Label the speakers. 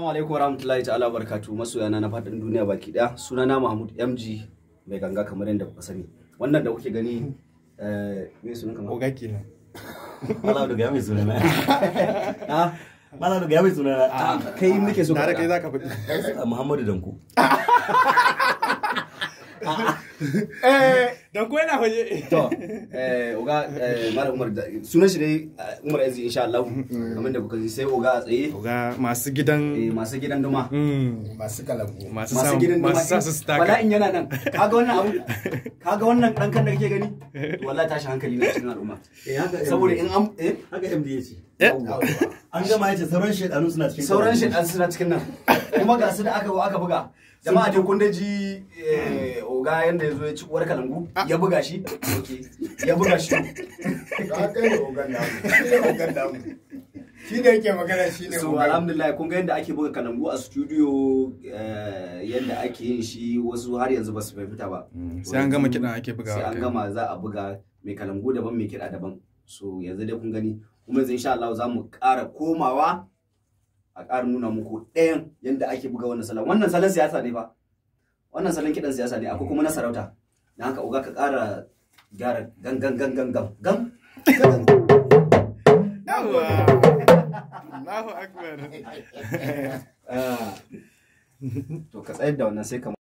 Speaker 1: Assalamu alaikum warahmatullahi ta'ala barkatu masoyana na fadin duniya baki daya sunana Mahmud MG mai ganga kamar yadda kuka sani wannan da kuke gani eh me sunan kamar Oga kenan Allah da gami sunana ha ah? Mala da gami sunana ah, kai muke so ka kai zaka fadi ah, Muhammadu Danko eh dan ko yana hoje to eh oga eh, mara umar sunan shi dai eh, umar yanzu insha Allah mm. kamar da kuka ji sai oga a tsaye oga masu gidan eh, masu gidan duma mm. masu kalabu masu gidan duma masu sa su staka yana nan kaga wannan abu kaga wannan dan kan da kake gani wallahi tashi hankali na cikin al'umma eh haka saboda in an eh haka MD yace an gama yace sauran shedanu suna cikin sauran shedanu suna cikin nan kuma ga su da aka aka buga jama'a dai kun daji eh, oga yanda ya zo ya ci uwar kalangu ah. ya buga shi ya buga shi ka kai ogan namu ogan shi ne yake magana shi ne so alhamdulillah kun ga yadda ake buga kalangu a studio eh, yadda ake yin shi wasu har yanzu ba su fita ba mm, sai an gama kidan ake buga sai an gama za a buga mai kalangu daban mai kiɗa daban so yanzu dai kun gani kuma yanzu insha Allah za mu ƙara komawa a ƙara nuna muku ɗayan yadda ake buga wannan salon wannan salon siyasa ne fa wannan salon kiɗan siyasa ne akwai kuma na sarauta Na haka uga ka ƙara gyara gangan gangan gam gam ah. To ka tsayar da wannan sai